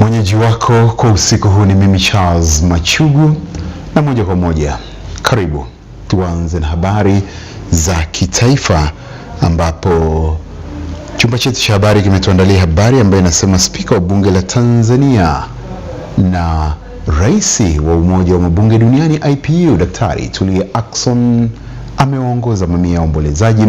Mwenyeji wako kwa usiku huu ni mimi Charles Machugu, na moja kwa moja karibu tuanze na habari za kitaifa, ambapo chumba chetu cha habari kimetuandalia habari ambayo inasema spika wa bunge la Tanzania na rais wa umoja wa mabunge duniani IPU Daktari Tulia Ackson amewaongoza mamia ya waombolezaji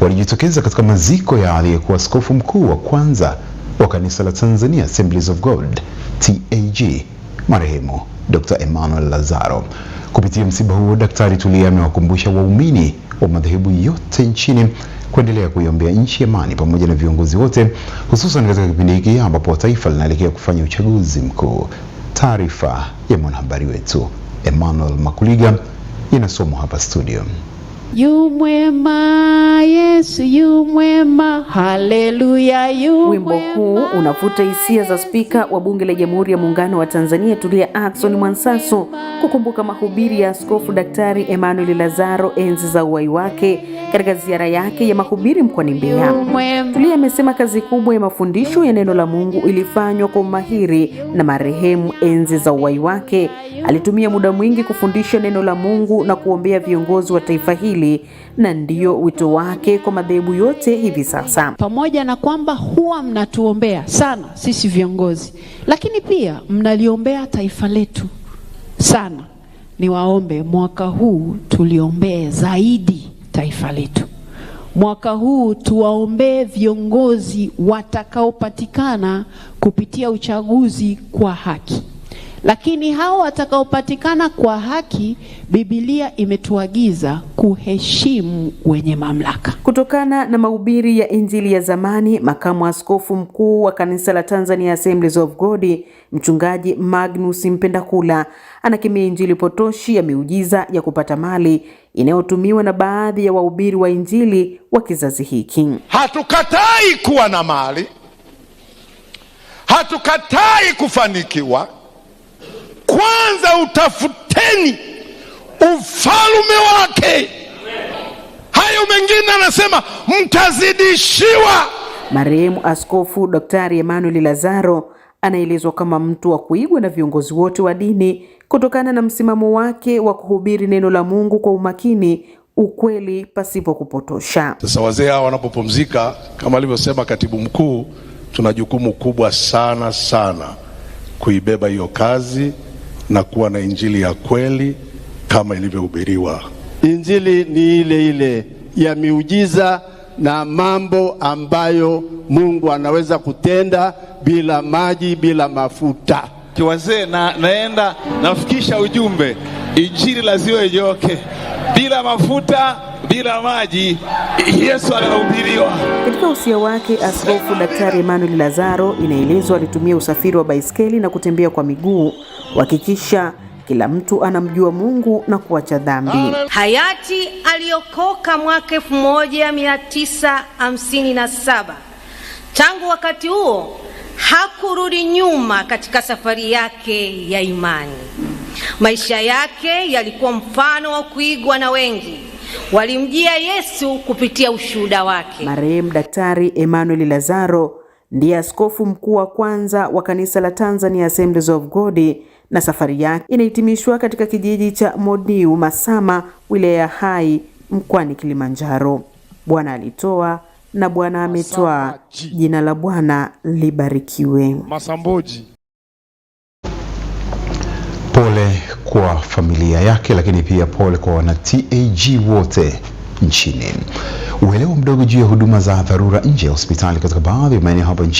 walijitokeza katika maziko ya aliyekuwa askofu mkuu wa kwanza wa kanisa la Tanzania Assemblies of God TAG marehemu Dr. Emmanuel Lazaro. Kupitia msiba huo, Daktari Tulia amewakumbusha waumini wa madhehebu yote nchini kuendelea kuiombea nchi amani pamoja na viongozi wote, hususan katika kipindi hiki ambapo taifa linaelekea kufanya uchaguzi mkuu. Taarifa ya mwanahabari wetu Emmanuel Makuliga inasomwa hapa studio. Yu mwema Yesu yu mwema, haleluya yu wimbo Huu unavuta hisia za spika wa bunge la Jamhuri ya Muungano wa Tanzania Tulia Ackson Mwansasu kukumbuka mahubiri ya Askofu Daktari Emmanuel Lazaro enzi za uwai wake katika ziara yake ya mahubiri mkoani Mbeya. Tulia amesema kazi kubwa ya mafundisho ya neno la Mungu ilifanywa kwa umahiri na marehemu enzi za uwai wake. Alitumia muda mwingi kufundisha neno la Mungu na kuombea viongozi wa taifa hili, na ndiyo wito wake kwa madhehebu yote hivi hivi sasa. Pamoja na kwamba huwa mnatuombea sana sisi viongozi, lakini pia mnaliombea taifa letu sana. Niwaombe mwaka huu tuliombee zaidi taifa letu. Mwaka huu tuwaombee viongozi watakaopatikana kupitia uchaguzi kwa haki. Lakini hao watakaopatikana kwa haki, Biblia imetuagiza kuheshimu wenye mamlaka. Kutokana na mahubiri ya Injili ya zamani, makamu askofu mkuu wa kanisa la Tanzania Assemblies of God, mchungaji Magnus Mpendakula anakemea injili potoshi ya miujiza ya kupata mali inayotumiwa na baadhi ya wahubiri wa injili wa kizazi hiki. Hatukatai kuwa na mali, hatukatai kufanikiwa kwanza utafuteni ufalume wake, hayo mengine anasema mtazidishiwa. Marehemu Askofu Daktari Emmanuel Lazaro anaelezwa kama mtu wa kuigwa na viongozi wote wa dini kutokana na msimamo wake wa kuhubiri neno la Mungu kwa umakini, ukweli pasipo kupotosha. Sasa wazee hawa wanapopumzika, kama alivyosema katibu mkuu, tuna jukumu kubwa sana sana kuibeba hiyo kazi na kuwa na injili ya kweli kama ilivyohubiriwa. Injili ni ile ile ya miujiza na mambo ambayo Mungu anaweza kutenda bila maji, bila mafuta. Kiwazee na, naenda nafikisha ujumbe, injili lazima ijoke bila mafuta bila maji Yesu anahubiriwa. Katika usia wake, Askofu Daktari Emmanuel Lazaro inaelezwa alitumia usafiri wa baiskeli na kutembea kwa miguu kuhakikisha kila mtu anamjua Mungu na kuacha dhambi. Hayati aliokoka mwaka 1957. Tangu wakati huo hakurudi nyuma katika safari yake ya imani. Maisha yake yalikuwa mfano wa kuigwa na wengi walimjia Yesu kupitia ushuhuda wake. Marehemu Daktari Emmanuel Lazaro ndiye askofu mkuu wa kwanza wa kanisa la Tanzania Assemblies of God na safari yake inahitimishwa katika kijiji cha Modiu Masama, wilaya ya Hai, mkoani Kilimanjaro. Bwana alitoa na Bwana ametoa, jina la Bwana libarikiwe. Masamboji. Pole kwa familia yake, lakini pia pole kwa wana TAG wote nchini. Uelewa mdogo juu ya huduma za dharura nje ya hospitali katika baadhi ya maeneo hapa nchini